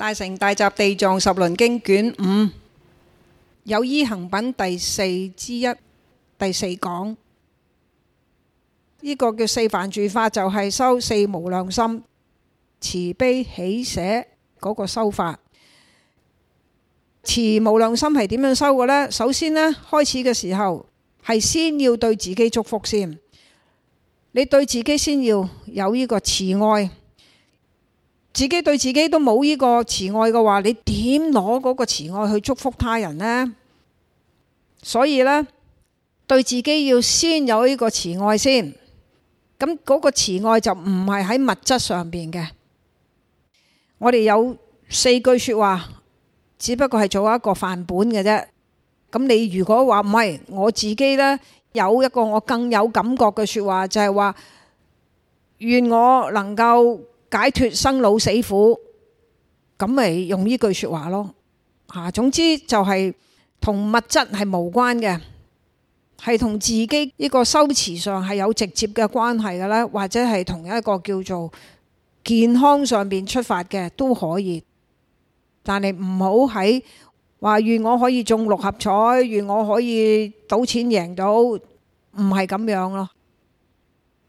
大乘大集地藏十輪經卷五，有依行品第四之一，第四講呢、這個叫四梵住法，就係、是、修四無量心慈悲喜捨嗰個修法，慈無量心係點樣修嘅呢？首先呢，開始嘅時候係先要對自己祝福先，你對自己先要有呢個慈愛。自己對自己都冇呢個慈愛嘅話，你點攞嗰個慈愛去祝福他人呢？所以呢，對自己要先有呢個慈愛先。咁嗰個慈愛就唔係喺物質上邊嘅。我哋有四句説話，只不過係做一個範本嘅啫。咁你如果話唔係我自己呢，有一個我更有感覺嘅説話，就係話願我能夠。解脫生老死苦，咁咪用呢句說話咯。啊，總之就係、是，同物質係無關嘅，係同自己一個修持上係有直接嘅關係嘅啦，或者係同一個叫做健康上邊出發嘅都可以。但係唔好喺話願我可以中六合彩，願我可以賭錢贏到，唔係咁樣咯。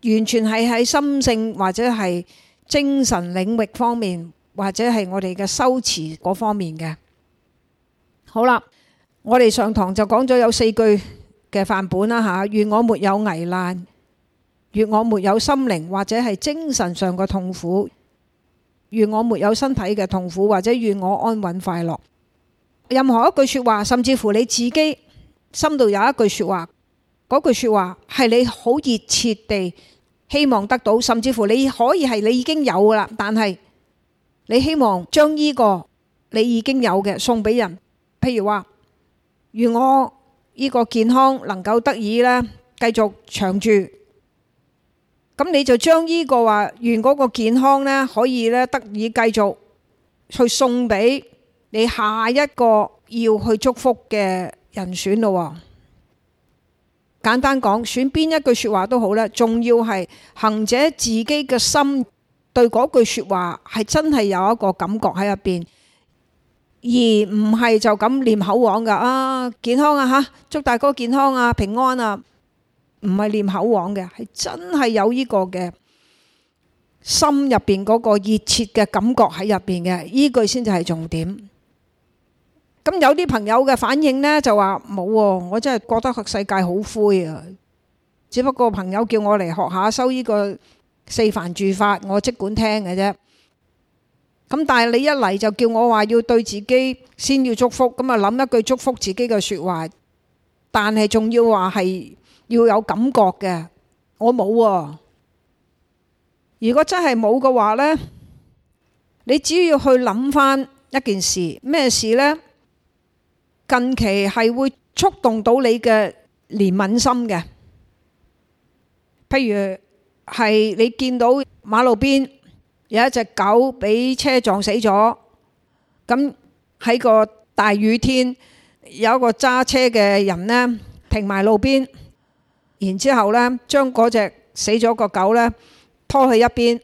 完全係喺心性或者係。精神領域方面，或者係我哋嘅修持嗰方面嘅，好啦了，我哋上堂就講咗有四句嘅範本啦吓。願我沒有危難，願我沒有心靈或者係精神上嘅痛苦，願我沒有身體嘅痛苦，或者願我安穩快樂。任何一句說話，甚至乎你自己心度有一句說話，嗰句說話係你好熱切地，希望得到，甚至乎你可以係你已經有啦，但係你希望將呢個你已經有嘅送俾人，譬如話願我呢個健康能夠得以呢繼續長住，咁你就將呢個話願嗰個健康呢可以呢得以繼續去送俾你下一個要去祝福嘅人選咯。簡單講，選邊一句說話都好咧，仲要係行者自己嘅心對嗰句說話係真係有一個感覺喺入邊，而唔係就咁念口簧，噶啊健康啊吓，祝大哥健康啊平安啊，唔係念口簧嘅，係真係有呢個嘅心入邊嗰個熱切嘅感覺喺入邊嘅呢句先至係重點。咁有啲朋友嘅反應呢，就話冇喎，我真係覺得個世界好灰啊！只不過朋友叫我嚟學下修呢個四梵住法，我即管聽嘅啫。咁但係你一嚟就叫我話要對自己先要祝福，咁啊諗一句祝福自己嘅説話，但係仲要話係要有感覺嘅，我冇喎、啊。如果真係冇嘅話呢，你只要去諗翻一件事，咩事呢？近期係會觸動到你嘅憐憫心嘅，譬如係你見到馬路邊有一隻狗俾車撞死咗，咁喺個大雨天，有一個揸車嘅人呢，停埋路邊，然之後呢，將嗰隻死咗個狗呢拖去一邊，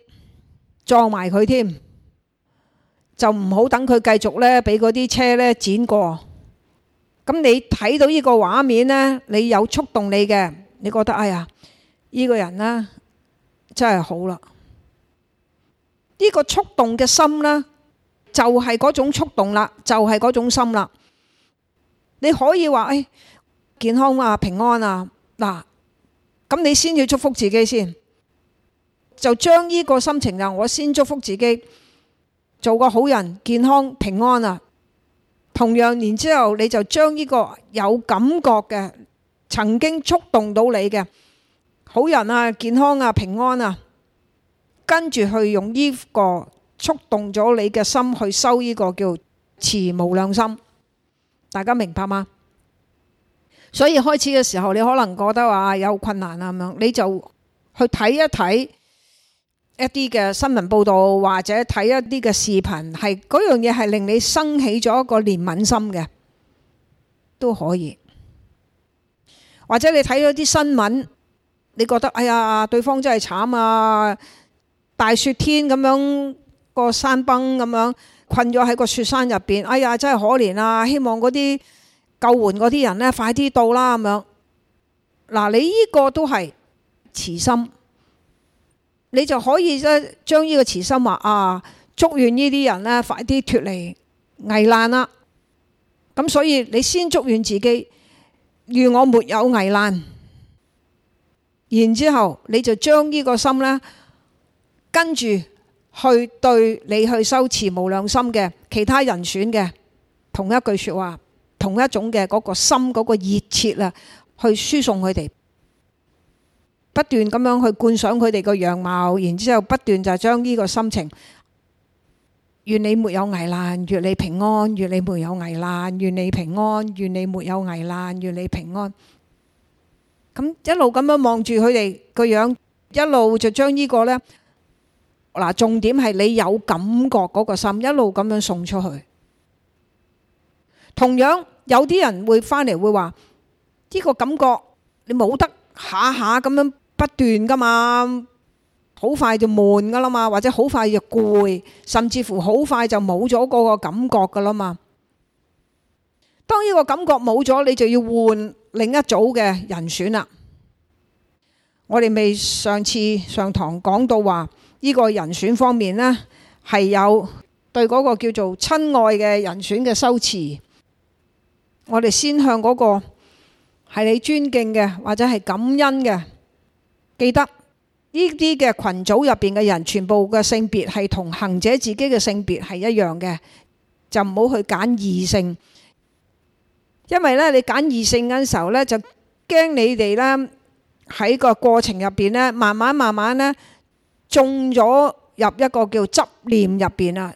撞埋佢添，就唔好等佢繼續呢俾嗰啲車呢剪過。咁你睇到呢個畫面呢，你有觸動你嘅，你覺得哎呀，呢個人呢真係好啦，呢個觸動嘅心呢，就係嗰種觸動啦，就係嗰種心啦。你可以話誒，健康啊，平安啊，嗱，咁你先要祝福自己先，就將呢個心情啊，我先祝福自己做個好人，健康平安啊。同樣，然之後你就將呢個有感覺嘅，曾經觸動到你嘅好人啊、健康啊、平安啊，跟住去用呢個觸動咗你嘅心去修呢個叫慈無量心，大家明白嗎？所以開始嘅時候，你可能覺得話有困難啊咁樣，你就去睇一睇。一啲嘅新聞報道或者睇一啲嘅視頻，係嗰樣嘢，係令你生起咗一個憐憫心嘅，都可以。或者你睇咗啲新聞，你覺得哎呀，對方真係慘啊，大雪天咁樣個山崩咁樣困咗喺個雪山入邊，哎呀真係可憐啊！希望嗰啲救援嗰啲人呢快啲到啦咁樣。嗱，你呢個都係慈心。你就可以咧，將呢個慈心話啊，祝願呢啲人咧，快啲脫離危難啦。咁所以你先祝願自己，願我沒有危難。然之後你就將呢個心咧，跟住去對你去修慈無量心嘅其他人選嘅，同一句說話，同一種嘅嗰個心嗰個熱切啊，去輸送佢哋。不斷咁樣去觀想佢哋個樣貌，然之後不斷就將呢個心情，願你沒有危難，願你平安，願你沒有危難，願你平安，願你沒有危難，願你平安。咁一路咁樣望住佢哋個樣，一路就將呢個呢，嗱重點係你有感覺嗰個心，一路咁樣送出去。同樣有啲人會翻嚟會話呢個感覺你冇得下下咁樣。不斷噶嘛，好快就悶噶啦嘛，或者好快就攰，甚至乎好快就冇咗嗰個感覺噶啦嘛。當呢個感覺冇咗，你就要換另一組嘅人選啦。我哋未上次上堂講到話，呢個人選方面呢，係有對嗰個叫做親愛嘅人選嘅修辭。我哋先向嗰個係你尊敬嘅，或者係感恩嘅。記得呢啲嘅群組入邊嘅人，全部嘅性別係同行者自己嘅性別係一樣嘅，就唔好去揀異性。因為咧，你揀異性嗰陣時候咧，就驚你哋咧喺個過程入邊咧，慢慢慢慢咧中咗入一個叫執念入邊啊，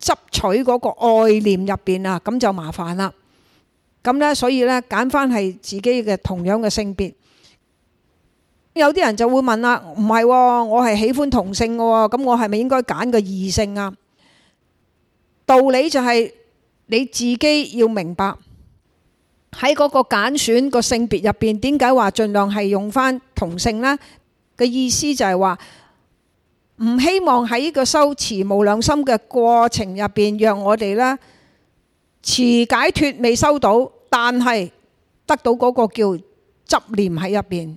執取嗰個愛念入邊啊，咁就麻煩啦。咁咧，所以咧，揀翻係自己嘅同樣嘅性別。有啲人就會問啦，唔係我係喜歡同性嘅，咁我係咪應該揀個異性啊？道理就係你自己要明白喺嗰個揀選個性別入邊，點解話盡量係用翻同性呢？嘅意思就係話唔希望喺呢個修慈無量心嘅過程入邊，讓我哋呢慈解脱未收到，但係得到嗰個叫執念喺入邊。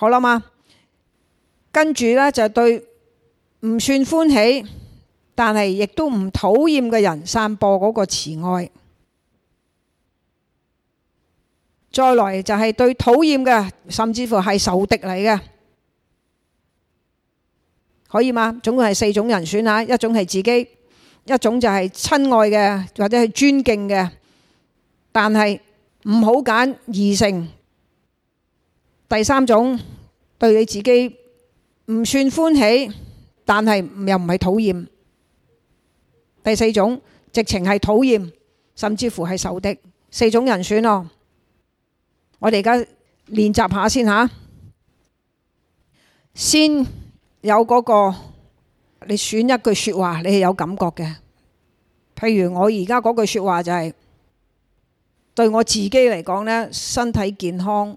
好啦嘛，跟住呢就對唔算歡喜，但係亦都唔討厭嘅人散播嗰個慈愛。再來就係對討厭嘅，甚至乎係仇敵嚟嘅，可以嗎？總共係四種人選呀，一種係自己，一種就係親愛嘅，或者係尊敬嘅，但係唔好揀異性。第三種對你自己唔算歡喜，但係又唔係討厭。第四種直情係討厭，甚至乎係仇敵。四種人選哦，我哋而家練習下先嚇，先有嗰個你選一句説話，你係有感覺嘅。譬如我而家嗰句説話就係對我自己嚟講呢，身體健康。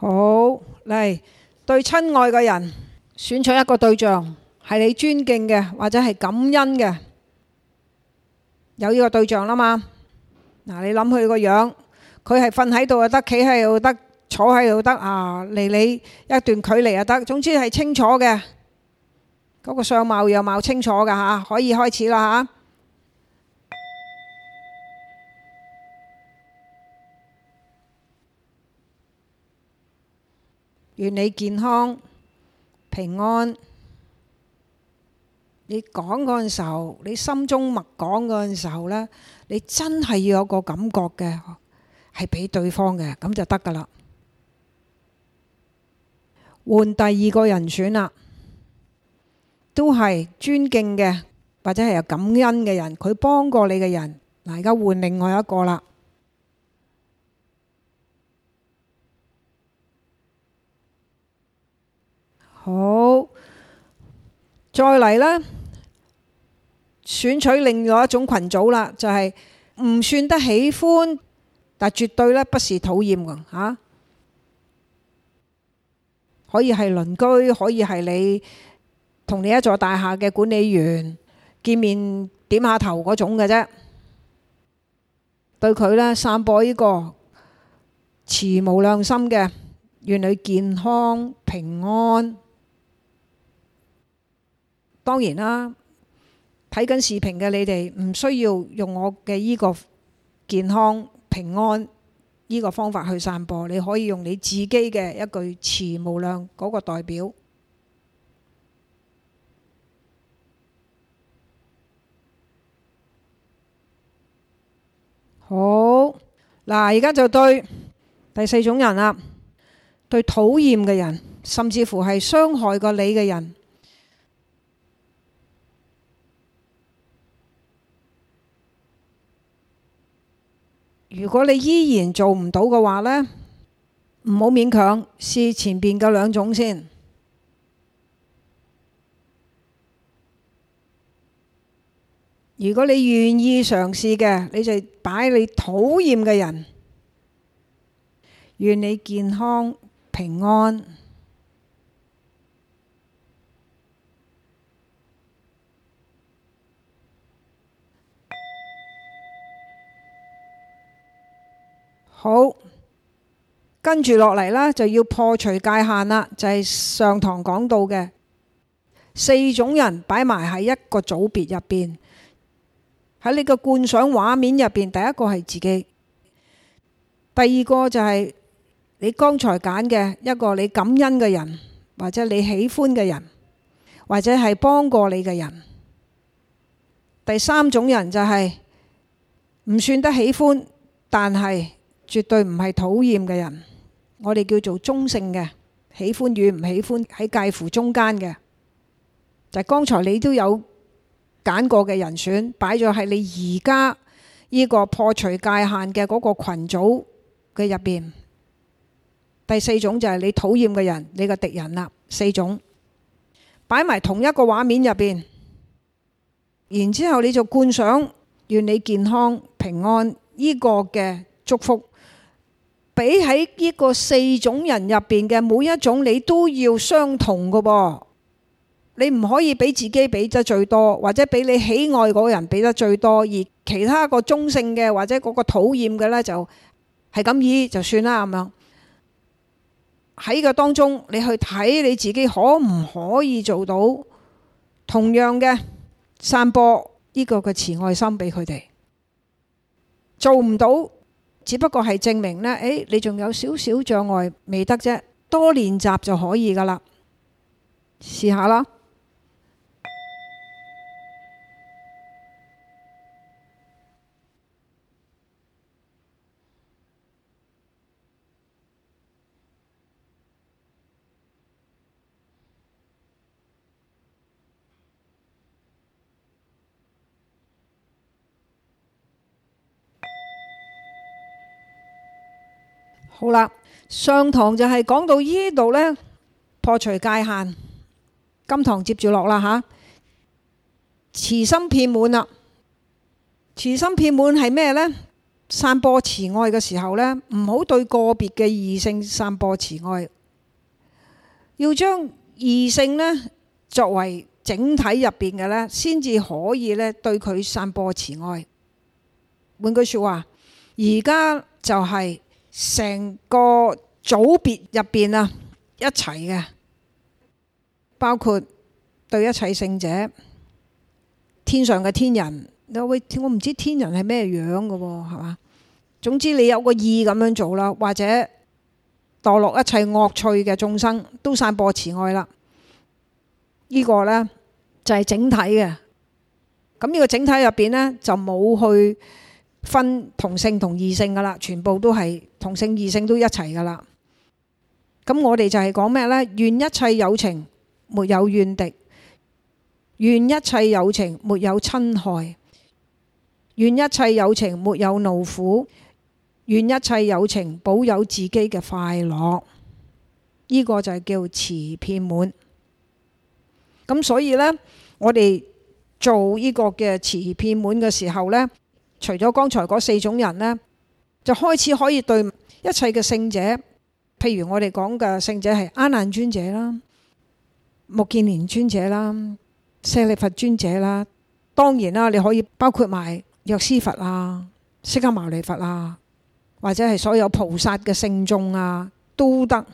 好嚟，對親愛嘅人，選取一個對象，係你尊敬嘅或者係感恩嘅，有呢個對象啦嘛。嗱，你諗佢個樣，佢係瞓喺度又得，企喺度又得，坐喺度又得啊，離你一段距離又得，總之係清楚嘅，嗰、那個相貌又貌清楚噶吓，可以開始啦吓。願你健康平安。你講嗰陣時候，你心中默講嗰陣時候呢，你真係要有個感覺嘅，係俾對方嘅，咁就得㗎喇。換第二個人選喇，都係尊敬嘅，或者係有感恩嘅人，佢幫過你嘅人。嗱，而家換另外一個喇。好，再嚟啦！選取另外一種群組啦，就係、是、唔算得喜歡，但絕對呢，不是討厭嘅嚇。可以係鄰居，可以係你同你一座大廈嘅管理員，見面點下頭嗰種嘅啫。對佢呢，散播呢個慈無量心嘅，願你健康平安。當然啦，睇緊視頻嘅你哋唔需要用我嘅呢個健康平安呢個方法去散播，你可以用你自己嘅一句慈無量嗰個代表。好，嗱，而家就對第四種人啦，對討厭嘅人，甚至乎係傷害過你嘅人。如果你依然做唔到嘅話呢，唔好勉強，試前邊嘅兩種先。如果你願意嘗試嘅，你就擺你討厭嘅人，願你健康平安。好，跟住落嚟啦，就要破除界限啦。就係、是、上堂講到嘅四種人擺埋喺一個組別入邊，喺你個觀想畫面入邊，第一個係自己，第二個就係你剛才揀嘅一個你感恩嘅人，或者你喜歡嘅人，或者係幫過你嘅人。第三種人就係、是、唔算得喜歡，但係。絕對唔係討厭嘅人，我哋叫做中性嘅，喜歡與唔喜歡喺介乎中間嘅。就係、剛才你都有揀過嘅人選，擺咗喺你而家呢個破除界限嘅嗰個群組嘅入邊。第四種就係你討厭嘅人，你個敵人啦，四種擺埋同一個畫面入邊，然之後你就觀想願你健康平安呢個嘅祝福。俾喺呢個四種人入邊嘅每一種，你都要相同嘅噃。你唔可以俾自己俾得最多，或者俾你喜愛嗰個人俾得最多，而其他個中性嘅或者嗰個討厭嘅呢，就係咁意就算啦。咁樣喺個當中，你去睇你自己可唔可以做到同樣嘅散播呢個嘅慈愛心俾佢哋？做唔到？只不過係證明呢，誒、哎、你仲有少少障礙未得啫，多練習就可以噶啦，試下啦。好啦，上堂就係講到呢度咧，破除界限。今堂接住落啦吓，慈心遍滿啦。慈心遍滿係咩咧？散播慈愛嘅時候咧，唔好對個別嘅異性散播慈愛，要將異性咧作為整體入邊嘅咧，先至可以咧對佢散播慈愛。換句說話，而家就係。成個組別入邊啊，一齊嘅，包括對一切聖者、天上嘅天人。你話我唔知天人係咩樣嘅，係嘛？總之你有個意咁樣做啦，或者墮落一切惡趣嘅眾生都散播慈愛啦。呢、呢個呢，就係整體嘅。咁、呢、呢個整體入邊呢，就冇去。分同性同異性噶啦，全部都係同性異性都一齊噶啦。咁我哋就係講咩呢？願一切有情沒有怨敵，願一切有情沒有侵害，願一切有情沒有惱苦，願一切有情保有自己嘅快樂。呢、這個就係叫慈遍滿。咁所以呢，我哋做呢個嘅慈遍滿嘅時候呢。除咗剛才嗰四種人呢，就開始可以對一切嘅聖者，譬如我哋講嘅聖者係阿難尊者啦、目犍連尊者啦、舍利佛尊者啦，當然啦，你可以包括埋藥師佛啊、釋迦牟尼佛啊，或者係所有菩薩嘅聖眾啊，都得。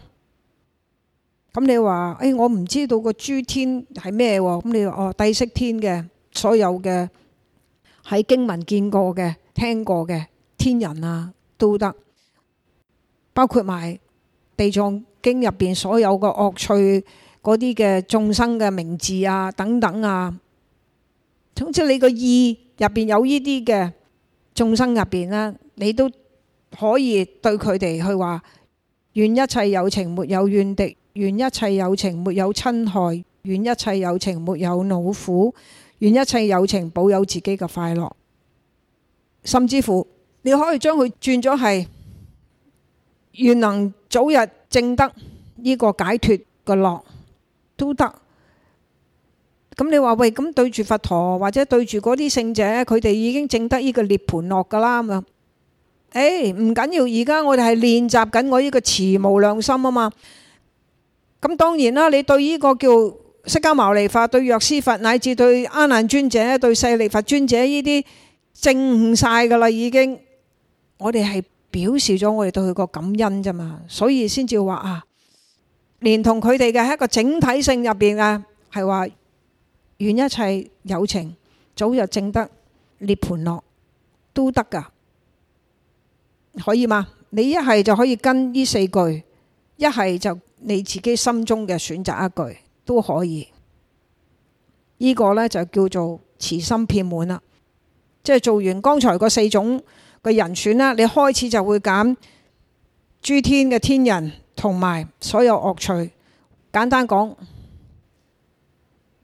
咁你話：誒、哎，我唔知道個諸天係咩喎？咁你話：哦，帝釋天嘅所有嘅。喺經文見過嘅、聽過嘅天人啊，都得；包括埋地藏經入邊所有嘅惡趣嗰啲嘅眾生嘅名字啊，等等啊。總之你個意入邊有呢啲嘅眾生入邊啦，你都可以對佢哋去話：願一切有情沒有怨敵，願一切有情沒有侵害，願一切有情沒有惱苦。願一切有情保有自己嘅快樂，甚至乎你可以將佢轉咗係願能早日證得呢個解脱嘅樂都得。咁你話喂，咁對住佛陀或者對住嗰啲聖者，佢哋已經證得呢個涅槃樂噶啦咁樣！誒、哎，唔緊要，而家我哋係練習緊我呢個慈無量心啊嘛。咁當然啦，你對呢個叫。釋迦牟尼佛對藥師佛，乃至對阿難尊者、對舍利弗尊者，呢啲證晒㗎喇，已經我哋係表示咗我哋對佢個感恩咋嘛，所以先至話啊，連同佢哋嘅一個整體性入面啊，係話願一切友情早日證得涅槃落都得㗎，可以嗎？你一係就可以跟呢四句，一係就你自己心中嘅選擇一句。都可以，呢、這個呢，就叫做慈心遍滿啦。即係做完剛才嗰四種嘅人選啦，你開始就會揀諸天嘅天人同埋所有惡趣。簡單講，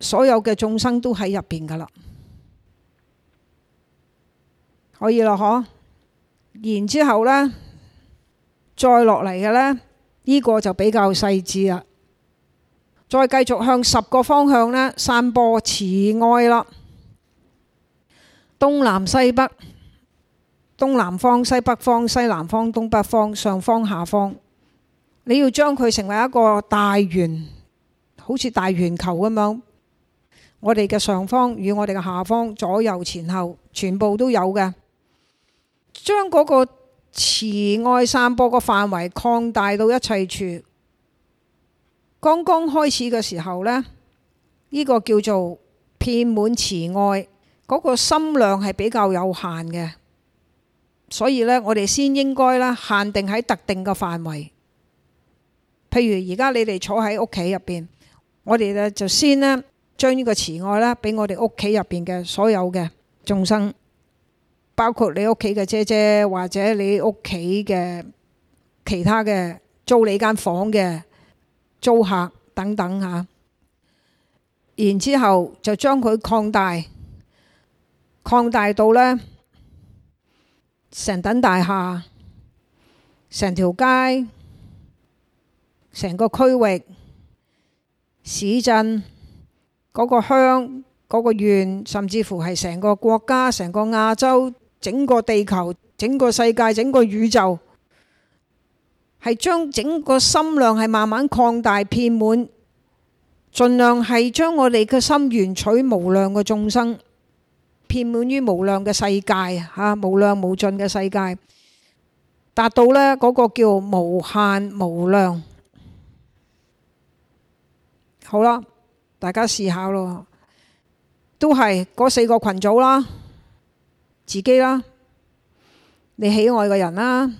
所有嘅眾生都喺入邊噶啦，可以咯，可。然之後咧，再落嚟嘅呢，呢、這個就比較細緻啦。再繼續向十個方向咧散播慈愛啦，東南西北、東南方、西北方、西南方、東北方、上方、下方，你要將佢成為一個大圓，好似大圓球咁樣。我哋嘅上方與我哋嘅下方、左右前後，全部都有嘅。將嗰個慈愛散播嘅範圍擴大到一切處。剛剛開始嘅時候咧，呢個叫做遍滿慈愛，嗰個心量係比較有限嘅，所以呢，我哋先應該啦，限定喺特定嘅範圍。譬如而家你哋坐喺屋企入邊，我哋呢就先咧將呢個慈愛呢俾我哋屋企入邊嘅所有嘅眾生，包括你屋企嘅姐姐或者你屋企嘅其他嘅租你間房嘅。租客等等吓，然之後就將佢擴大，擴大到呢成等大廈、成條街、成個區域、市鎮、嗰個鄉、嗰個縣，甚至乎係成個國家、成個亞洲、整個地球、整個世界、整個宇宙。係將整個心量係慢慢擴大，遍滿，盡量係將我哋嘅心緣取無量嘅眾生，遍滿於無量嘅世界，吓無量無盡嘅世界，達到呢嗰個叫無限無量。好啦，大家試下咯，都係嗰四個群組啦，自己啦，你喜愛嘅人啦。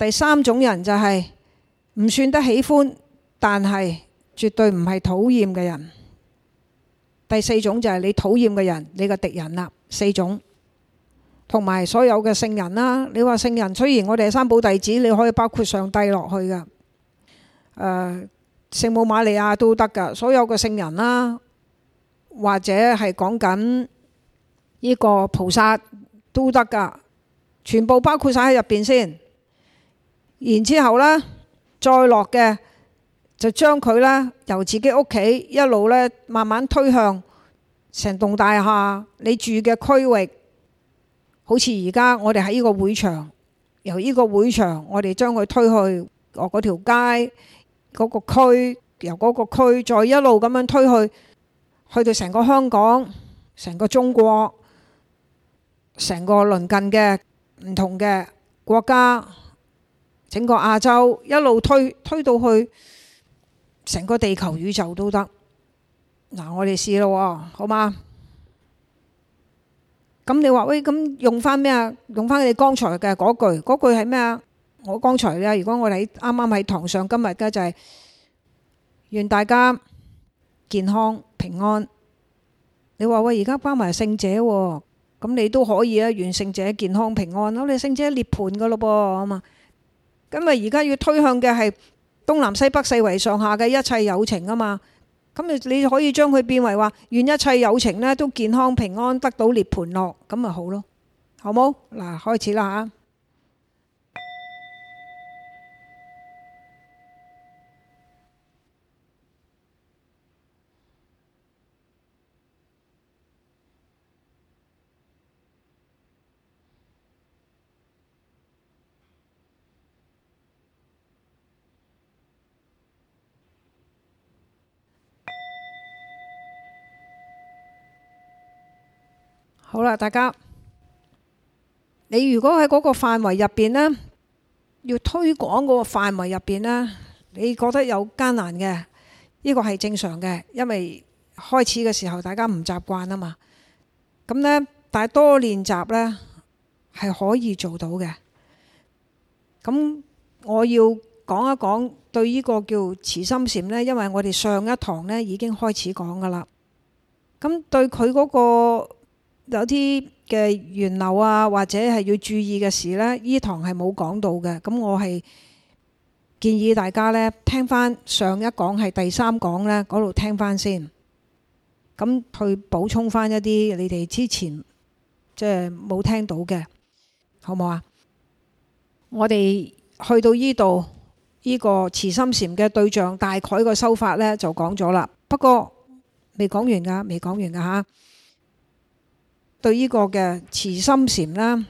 第三種人就係唔算得喜歡，但係絕對唔係討厭嘅人。第四種就係你討厭嘅人，你個敵人啦。四種同埋所有嘅聖人啦。你話聖人，雖然我哋係三寶弟子，你可以包括上帝落去噶，誒聖母瑪利亞都得噶。所有嘅聖人啦，或者係講緊呢個菩薩都得噶，全部包括晒喺入邊先。然之後呢，再落嘅就將佢呢，由自己屋企一路呢，慢慢推向成棟大廈，你住嘅區域，好似而家我哋喺呢個會場，由呢個會場我哋將佢推去我嗰條街嗰個區，由嗰個區再一路咁樣推去，去到成個香港、成個中國、成個鄰近嘅唔同嘅國家。整個亞洲一路推推到去成個地球宇宙都得，嗱，我哋試咯，好嘛？咁、嗯、你話喂，咁用翻咩啊？用翻你剛才嘅嗰句，嗰句係咩啊？我剛才嘅。如果我哋喺啱啱喺堂上今日嘅就係、是、願大家健康平安。你話喂，而家包埋聖者，咁、嗯、你都可以啊！願聖者健康平安。咁你聖者涅槃噶咯噃，啊嘛。咁啊！而家要推向嘅係東南西北四圍上下嘅一切有情啊嘛，咁你你可以將佢變為話願一切有情呢都健康平安得到涅槃樂，咁咪好咯，好冇？嗱，開始啦嚇。好啦，大家，你如果喺嗰個範圍入邊呢，要推廣嗰個範圍入邊呢，你覺得有艱難嘅？呢個係正常嘅，因為開始嘅時候大家唔習慣啊嘛。咁呢，但係多練習呢係可以做到嘅。咁我要講一講對呢個叫慈心禪呢，因為我哋上一堂呢已經開始講噶啦。咁對佢嗰個有啲嘅源流啊，或者係要注意嘅事呢，呢堂係冇講到嘅。咁我係建議大家呢，聽翻上一講係第三講呢嗰度聽翻先，咁去補充翻一啲你哋之前即係冇聽到嘅，好唔好啊？嗯、我哋去到呢度呢個慈心禪嘅對象大概個修法呢，就講咗啦，不過未講完㗎，未講完㗎吓。對呢個嘅慈心禪啦，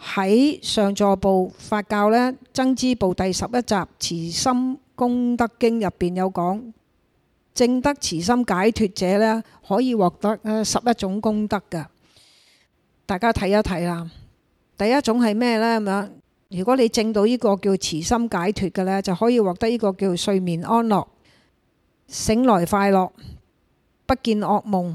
喺上座部法教呢，增支部第十一集《慈心功德經》入邊有講，證得慈心解脫者呢，可以獲得十一種功德㗎。大家睇一睇啦。第一種係咩呢？咁樣，如果你證到呢個叫慈心解脫嘅呢，就可以獲得呢個叫睡眠安樂、醒來快樂、不見惡夢。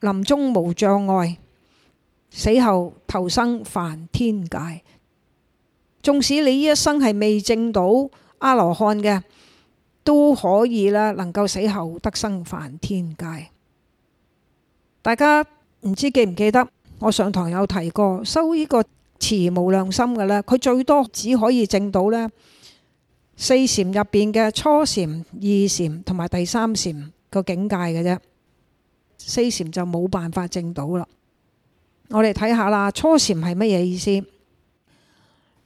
臨終無障礙，死後投生梵天界。縱使你呢一生係未證到阿羅漢嘅，都可以啦，能夠死後得生梵天界。大家唔知記唔記得，我上堂有提過，修呢個慈無量心嘅呢，佢最多只可以證到呢四禪入邊嘅初禪、二禪同埋第三禪個境界嘅啫。四禪就冇辦法證到啦。我哋睇下啦，初禪係乜嘢意思？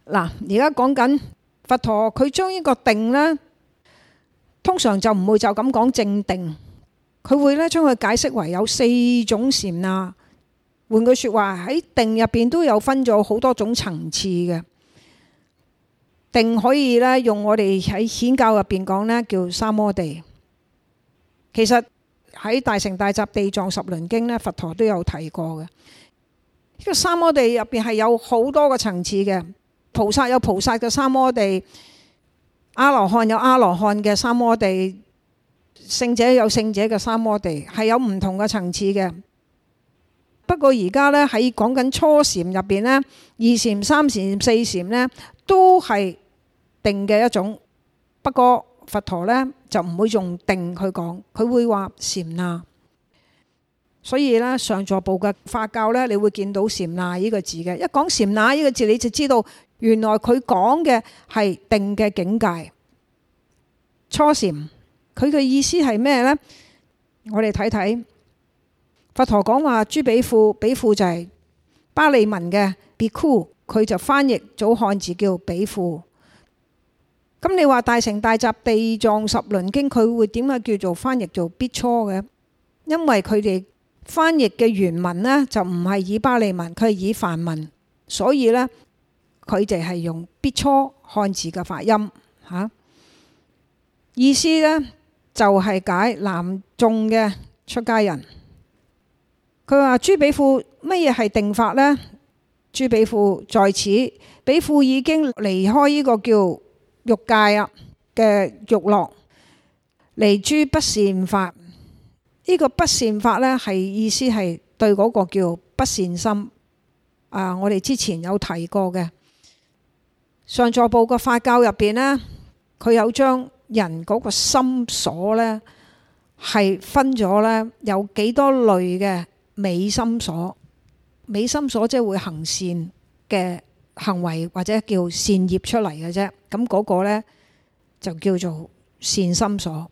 嗱，而家講緊佛陀佢將呢個定呢，通常就唔會就咁講正定，佢會咧將佢解釋為有四種禪啦。換句說話喺定入邊都有分咗好多種層次嘅定，可以呢，用我哋喺顯教入邊講呢，叫三摩地。其實喺《大乘大集地藏十輪經》呢，佛陀都有提過嘅。呢個三摩地入邊係有好多個層次嘅，菩薩有菩薩嘅三摩地，阿羅漢有阿羅漢嘅三摩地，聖者有聖者嘅三摩地，係有唔同嘅層次嘅。不過而家呢，喺講緊「初禪」入邊呢，二禪、三禪、四禪呢，都係定嘅一種。不過佛陀呢，就唔會用定去講，佢會話禪那，所以呢，上座部嘅法教呢，你會見到禪那呢個字嘅。一講禪那呢個字，你就知道原來佢講嘅係定嘅境界。初禪，佢嘅意思係咩呢？我哋睇睇，佛陀講話，諸比庫，比庫就係巴利文嘅，比庫，佢就翻譯咗漢字叫比庫。咁你話大乘大集地藏十輪經佢會點解叫做翻譯做必初嘅？因為佢哋翻譯嘅原文呢，就唔係以巴利文，佢係以梵文，所以呢，佢哋係用必初漢字嘅發音嚇、啊。意思呢，就係解男眾嘅出家人。佢話：朱比庫乜嘢係定法呢？朱比庫在此，比庫已經離開呢個叫，欲界啊嘅欲樂離諸不善法，呢、這個不善法咧係意思係對嗰個叫不善心啊。我哋之前有提過嘅上座部嘅法教入邊咧，佢有將人嗰個心所咧係分咗咧有幾多類嘅美心所。美心所即係會行善嘅。.行為或者叫善業出嚟嘅啫，咁、那、嗰個呢，就叫做善心所；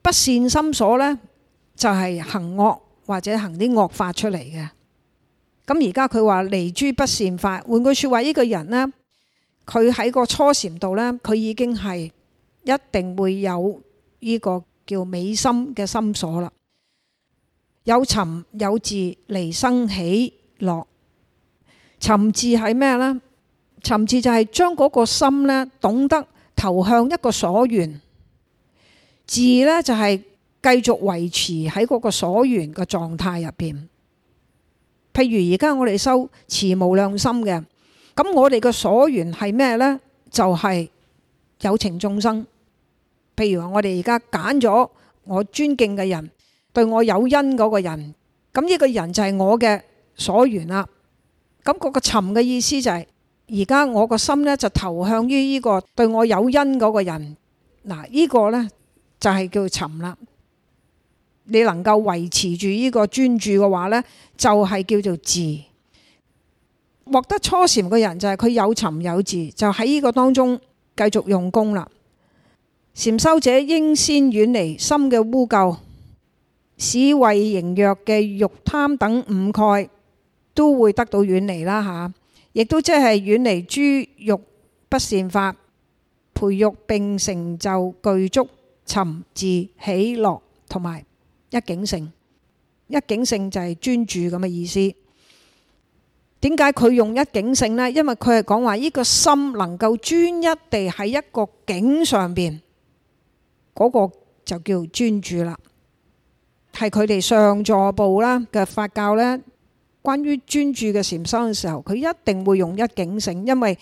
不善心所呢，就係行惡或者行啲惡法出嚟嘅。咁而家佢話離諸不善法，換句話說話，呢、這個人呢，佢喺個初禪度呢，佢已經係一定會有呢個叫美心嘅心所啦。有尋有伺，離生喜樂。尋字係咩呢？尋字就係將嗰個心咧，懂得投向一個所緣。伺呢，就係繼續維持喺嗰個所緣嘅狀態入邊。譬如而家我哋修慈無量心嘅，咁我哋嘅所緣係咩呢？就係、是、有情眾生。譬如我哋而家揀咗我尊敬嘅人，對我有恩嗰個人，咁呢個人就係我嘅所緣啦。咁嗰個尋嘅意思就係、是，而家我個心咧就投向於呢個對我有恩嗰個人，嗱、這、呢個咧就係叫尋啦。你能夠維持住呢個專注嘅話咧，就係、是、叫做伺。獲得初禪嘅人就係佢有尋有伺，就喺呢個當中繼續用功啦。禪修者應先遠離心嘅污垢，使為營弱嘅欲貪等五蓋。都會得到遠離啦嚇，亦都即係遠離諸欲不善法，培育並成就具足尋伺喜樂同埋一境性。一境性就係專注咁嘅意思。點解佢用一境性咧？因為佢係講話呢個心能夠專一地喺一個境上邊，嗰個就叫專注啦。係佢哋上座部啦嘅佛教咧。關於專注嘅禪修嘅時候，佢一定會用一境性，因為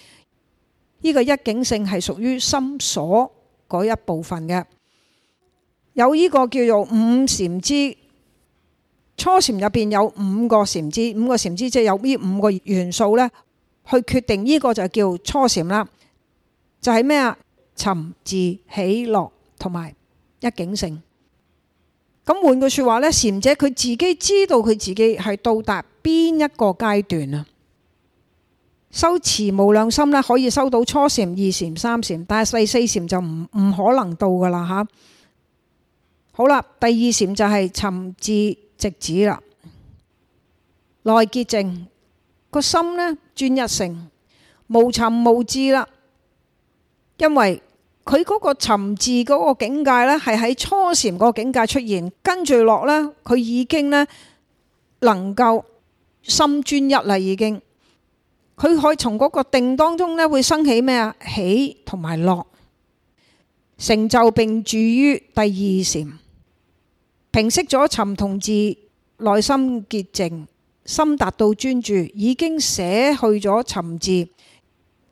呢個一境性係屬於心所嗰一部分嘅。有呢個叫做五禪支，初禪入邊有五個禪支，五個禪支即係有呢五個元素咧，去決定呢個就叫初禪啦。就係咩啊？尋伺喜樂同埋一境性。咁換句説話呢，禪者佢自己知道佢自己係到達邊一個階段啊？修慈無量心呢，可以修到初禪、二禪、三禪，但係第四禪就唔唔可能到噶啦吓，好啦，第二禪就係尋伺直止啦，內結靜，個心呢轉一成，無尋無伺啦，因為。佢嗰個尋伺嗰個境界呢，係喺初禪個境界出現，跟住落呢，佢已經呢能夠心專一啦，已經。佢可以從嗰個定當中呢會生起咩啊？喜同埋樂，成就並住於第二禪，平息咗尋同伺，內心潔淨，心達到專注，已經捨去咗尋伺。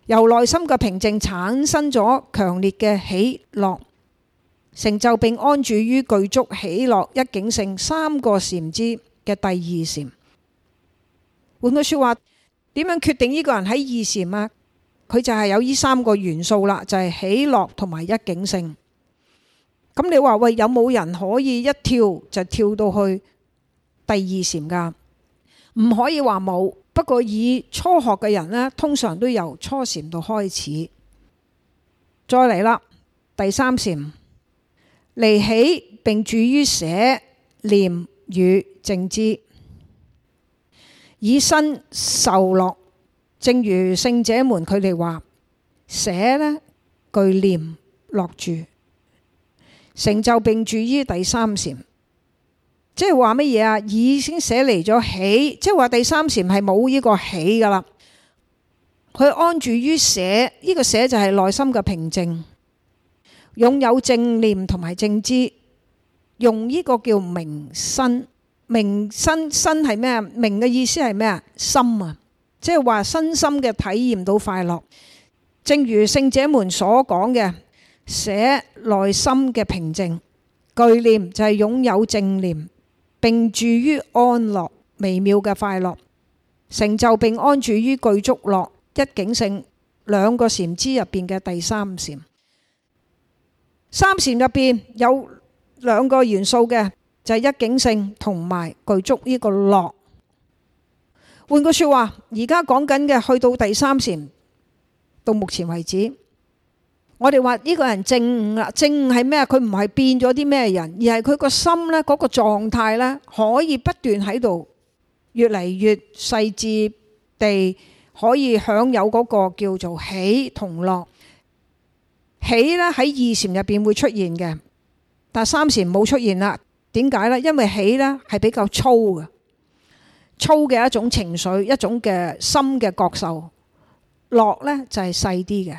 由內心嘅平靜產生咗強烈嘅喜樂，成就並安住於具足喜樂一境性三個禪之嘅第二禪。換句說話，點樣決定呢個人喺二禪啊？佢就係有呢三個元素啦，就係喜樂同埋一境性。咁你話喂，有冇人可以一跳就跳到去第二禪噶？唔可以話冇。不過以初學嘅人呢，通常都由初禪度開始，再嚟啦。第三禪離，喜並住於捨念與正知，以身受樂，正如聖者們佢哋話，捨呢具念樂住，成就並住於第三禪。即係話乜嘢啊？已經寫嚟咗起，即係話第三禪係冇呢個起噶啦。佢安住於寫呢、這個寫就係內心嘅平靜，擁有正念同埋正知，用呢個叫明身。明身身係咩啊？明嘅意思係咩啊？心啊，即係話身心嘅體驗到快樂。正如聖者們所講嘅，寫內心嘅平靜，具念就係擁有正念。並住於安樂微妙嘅快樂成就，並安住於具足樂一境性兩個禪之入邊嘅第三禪。三禪入邊有兩個元素嘅，就係一境性同埋具足呢個樂。換句說話，而家講緊嘅去到第三禪，到目前為止。我哋話呢個人正五啦，正五係咩啊？佢唔係變咗啲咩人，而係佢個心咧，嗰個狀態咧，可以不斷喺度越嚟越細緻地可以享有嗰個叫做喜同樂。喜咧喺二禪入邊會出現嘅，但三禪冇出現啦。點解咧？因為喜咧係比較粗嘅，粗嘅一種情緒，一種嘅心嘅覺受。樂咧就係細啲嘅。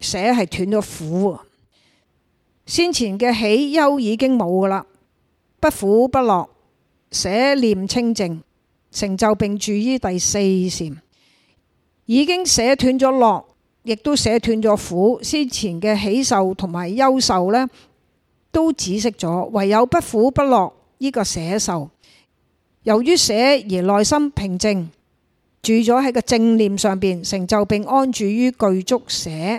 捨係斷咗苦，先前嘅喜憂已經冇噶啦，不苦不樂，捨念清淨，成就並住於第四禪，已經捨斷咗樂，亦都捨斷咗苦，先前嘅喜受同埋憂受呢，都止息咗，唯有不苦不樂呢，這個捨受，由於捨而內心平靜，住咗喺個正念上邊，成就並安住於具足捨。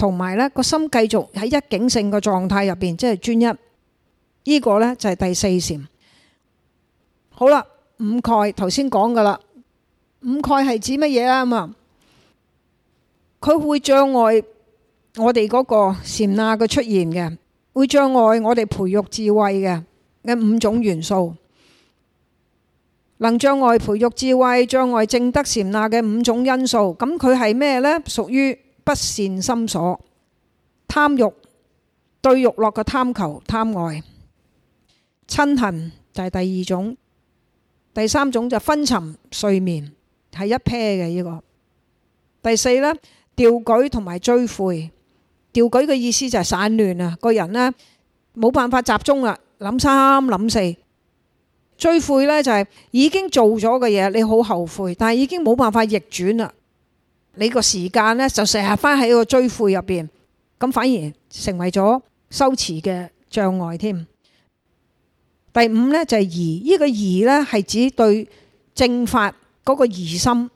同埋咧，個心繼續喺一境性嘅狀態入邊，即係專一。呢個咧就係第四禪。好啦，五蓋頭先講噶啦，五蓋係指乜嘢啊？咁啊，佢會障礙我哋嗰個禪那嘅出現嘅，會障礙我哋培育智慧嘅嘅五種元素，能障礙培育智慧、障礙證得禪那嘅五種因素。咁佢係咩咧？屬於。不善心所貪欲，對欲樂嘅貪求、貪愛。嗔恨就係第二種，第三種就惛沉睡眠係一 pair 嘅。呢個第四呢，掉舉同埋追悔。掉舉嘅意思就係散亂啊，個人呢冇辦法集中啊，諗三諗四。追悔呢就係、是、已經做咗嘅嘢你好後悔，但係已經冇辦法逆轉啦。你個時間咧就成日翻喺個追悔入邊，咁反而成為咗修持嘅障礙添。第五咧就係疑，呢、呢個疑咧係指對正法嗰個疑心，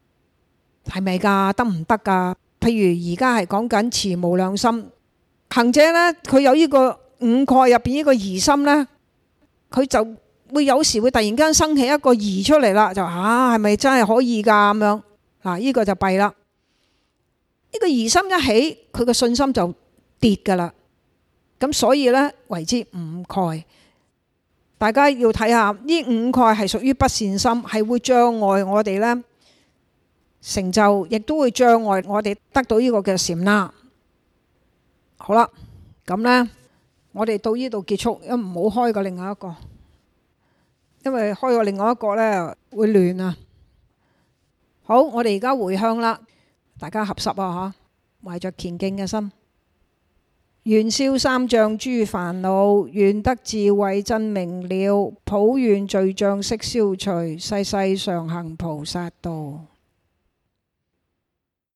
係咪噶得唔得噶？譬如而家係講緊慈無量心行者咧，佢有呢個五蓋入邊呢個疑心咧，佢就會有時會突然間生起一個疑出嚟啦，就啊係咪真係可以噶咁樣？嗱、這、呢個就弊啦。呢個疑心一起，佢個信心就跌噶啦。咁所以呢，為之五蓋。大家要睇下呢五蓋係屬於不善心，係會障礙我哋呢成就，亦都會障礙我哋得到呢個叫禪啦。好啦，咁呢，我哋到呢度結束，因唔好開個另外一個，因為開個另外一個呢會亂啊。好，我哋而家回向啦。大家合十啊！吓懷着虔敬嘅心，願消三障諸煩惱，願得智慧真明了，普願罪障悉消除，世世常行菩薩道。